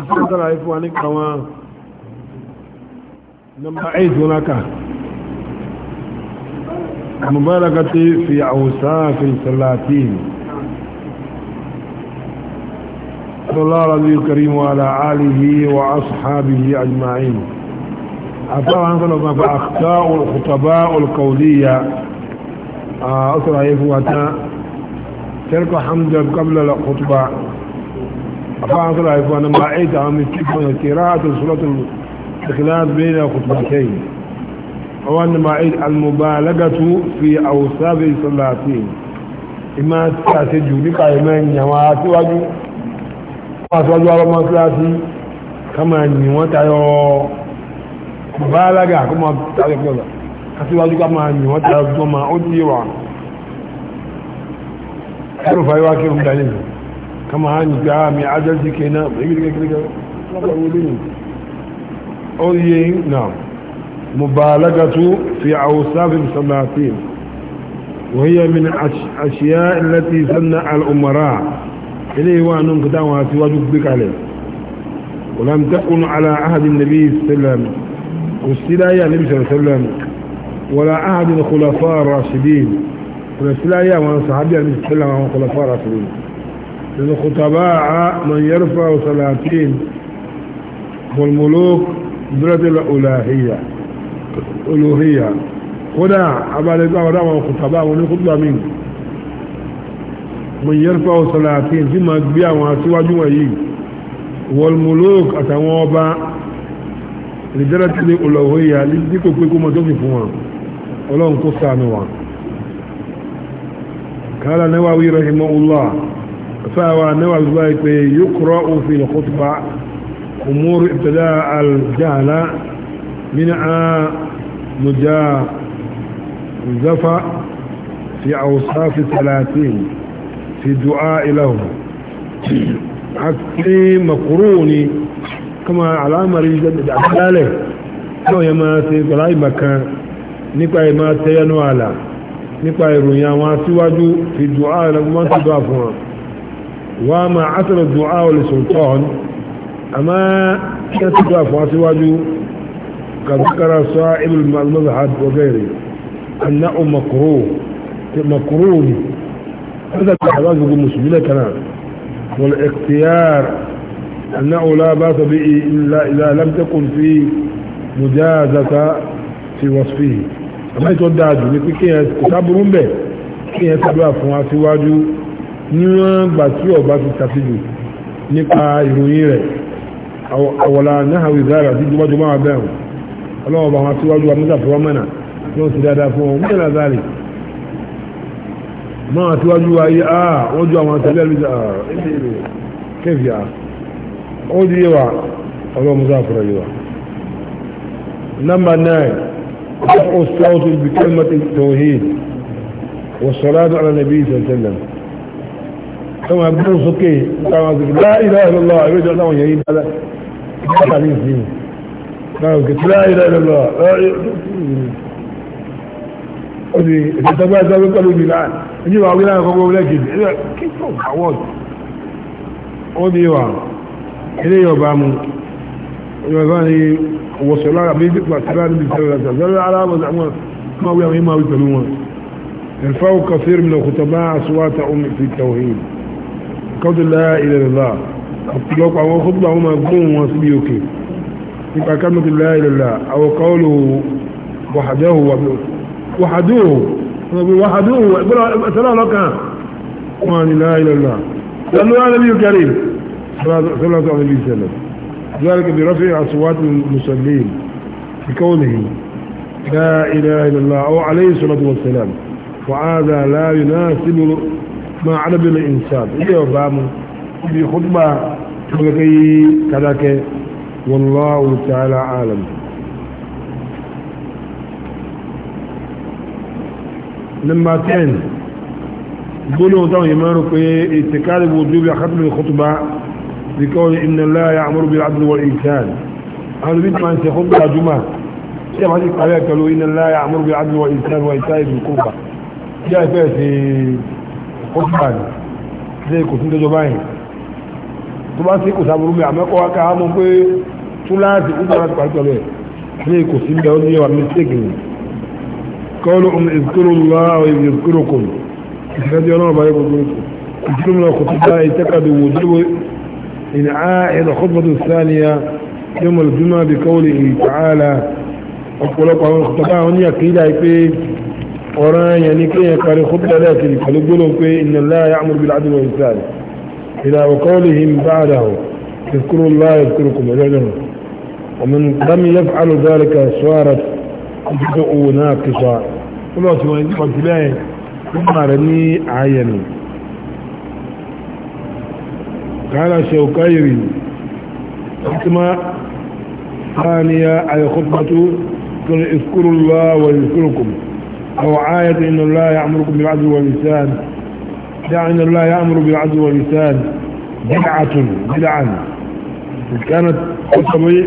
àtúntàrà ikú wa nípa wọn nọmba 8 wọn ká mubarakati صلى الله عليه الكريم وعلى آله وأصحابه أجمعين أطلع أنقل فأخطاء الخطباء القولية أسرع يفوتا تلك حمد قبل الخطبة فاضل العفو أنا بعيد عن قراءة سورة الإخلاص بين خطبتين أو أن بعيد المبالغة في أوصاف الصلاتين إما تأتجو لك إيمان يواتي واجو أسواجو على مصلاتي كما نيوات أيو مبالغة كما تعرف لك أسواجو كما نيوات أيو كما أدي وعن أعرف أيواتي هم دليل kama hàn gbá mi ájọ́sí kẹ́nà ìgbìrìkẹ́kẹ́kẹ́ oye وهي من الأشياء التي سنع الأمراء إليه بك عليه ولم تكن على عهد النبي صلى الله عليه وسلم والسلاية النبي صلى الله عليه وسلم ولا عهد الخلفاء الراشدين والسلاية النبي صلى الله عليه وسلم وخلفاء الراشدين من الخطباء من يرفع سلاطين والملوك برد الألوهية ألوهية هنا أبالي أولا الخطباء من منه من من يرفع سلاطين في أكبيع وعسوى جوهي والملوك أتوابا لدرجة الألوهية لذلك كيكم تقفوا ولهم قصة نوع قال نواوي رحمه الله فهو نوع يقرأ في الخطبة أمور ابتداء الجهل من زفا في أوصاف الثلاثين في دعاء له حكي مقروني كما على مريض الأحلال كما يماتي فلاي مكان نقا يماتي ينوالا نقا يرون يا واسي واجو في دعاء لكم وانتدافهم وما عثر الدعاء لسلطان أما كانت تقف واسواجه قد ذكر صاحب المذهب وغيره أنه مكروه مكروه هذا الحراج يقول مسلمين كلام والاختيار أنه لا باس به إلا إذا لم تكن في مجازة في وصفه أما يتودعجوا لكي كي يتكتبرون به كي يتبع فواسواجه níwọ̀n gbà tí ọba ti tàfihàn nípa ìròyìn rẹ̀ àwọ̀lá náà wìzára tí gbọ́jọ́ máa bẹ̀rù ọlọ́ọ̀bà wọn tí wájú amúta fún ọmọnà yóò sì dáadáa fún wọn mẹ́rin àzáre máa tí wájú ayé àà wọ́n ju àwọn tẹ̀lé ẹlú kẹfì à ó di yẹwà ọlọ́mùsá fúnra yẹwà nọmba 9 ọ̀sán ọ̀tún bí kẹ́lmọ́tì tòhìn wọ̀sọ̀lá tó alẹ́ nàbí ìsẹ̀sẹ̀lẹ̀ كما يقولون سكي كما يقول لا إله إلا الله يرجع لهم يهين هذا يقول لا إله إلا الله لا إله إلا الله إذا تبعت قلوبي الآن يجي بعض الله يقول لك كيف هو حوال ودي هو إذا يبامون يقول وصلى الله عليه وسلم بسبب الله سبحانه وتعالى على أبو زعمون ما هو يمين ما هو يتنون الفوق كثير من الخطباء أصوات أمي في التوحيد قول لا إله إلا الله أطلق أو خطبة هما قوم واسبيوك يبقى كلمة لا إله إلا الله أو قوله وحده وحدوه وحدوه سلام لك وأن لا إله إلا الله قالوا يا نبي كريم صلى الله عليه وسلم ذلك برفع أصوات المصلين بكونه لا إله إلا الله أو عليه الصلاة والسلام وهذا لا يناسب ma arábìnrin insan ilé ọba mu ibi kútùbà tó gẹ́gẹ́ yí kadákẹ́ wallahu ta'ala alam number 10 gbólóhùn táwọn yìí máa rò pé ìtìkáàlì wòjú bí akátùlù kútùbà bí kọ́ inna Allah ya'muru bil 'adli wal ihsan àwọn ibi tí wọ́n ti kútùbà jùmọ̀ tí a ti parí ẹ̀kọ́ lórí inna Allah ya'muru bil 'adli wal ihsan wa ìsáyẹ̀ bí kútùbà tí a fẹ́ sí ó ti bà ní ilé kò tún dẹjọ báyìí tó bá sí kò sáburú mi àmẹ́kọ́ wá ká mọ́ pé túláàsì ó dára ti parí pẹ̀lú ẹ̀ ilé kò sí bẹ́ẹ̀ ó ní ẹwà mistake ni kọ́ọ̀lù ọmọ ìsìkúrò ńlá àwọn ìsìkúrò kò ìsìkúrò ọlọ́run bá yẹ gbogbo ìsìkúrò ńlá kò tún bá ìtẹ́kàdù wò dúró العائد خطبة الثانية يوم الجمعة بقوله تعالى أقول لك أن خطباء هنا قيل ọ̀ràn yẹn ni kéèyàn kárí kúta lẹ́ẹ̀kejì pẹ̀lú gbólóhùn الله inna Allaha ya'muru bil 'adli wal ihsan ila wa qawlihim ba'dahu اذكروا الله يذكركم وجعلهم ومن لم يفعل ذلك صارت بدء ناقصة الله سبحانه وتعالى ثم رمي عيني قال شوكيري حكمة ثانية على خطبة اذكروا الله ويذكركم أو آية إن الله يأمركم بالعدل واللسان دع إن الله يأمر بالعدل واللسان بدعة بدعة كانت خطبة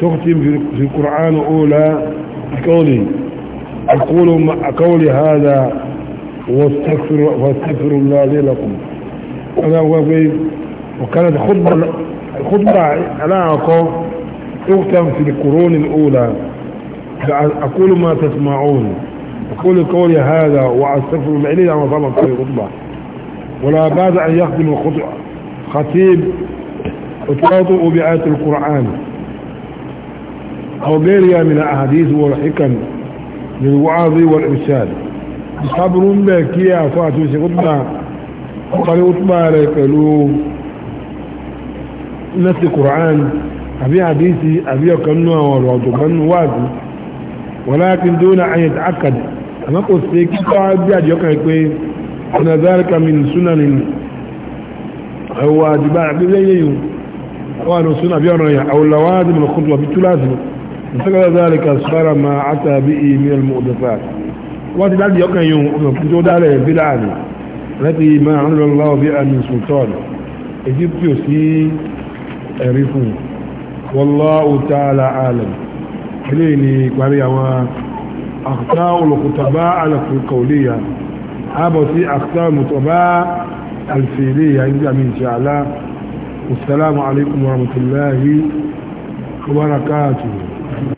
تختم في القرآن أولى بقوله أقول قولي هذا واستغفر واستغفر الله لي لكم أنا وفي وكانت خطبة خطبة على أقوم تختم في القرون الأولى أقول ما تسمعون أقول قولي هذا وأستغفر الله إليه عما طلب في خطبة ولا بعد أن يخدم خطيب وتواطئ بآيات القرآن أو غيرها من الأحاديث والحكم للوعظ والإرشاد صبر بك يا سي خطبة وقال خطبة لقلو نفس القرآن أبي حديثي أبي كنوا والوعد كنوا ولكن دون أن يتعقد أما قلت كيف أبيض يقول أن ذلك من سنن أو واجبات بذيه وأن سنة بيرنية أو لوازم الخطوة بالثلاثة فقال ذلك صار ما أتى به من المؤدفات وتدعي يقول يوم كنت عليه بالعالي التي ما عمل الله بها من سلطان إجبت يسي أرفون والله تعالى عالم eléyìí ni ìparí àwọn àkútà olùkùtàbá alàkùnkọ̀ọ́lẹ́yà àbọ̀ sí àkútà olùkùtàbá alfèlẹ́yà nígbà mi insha Allah assalamu alaikum warahmatullahi wabarakatuh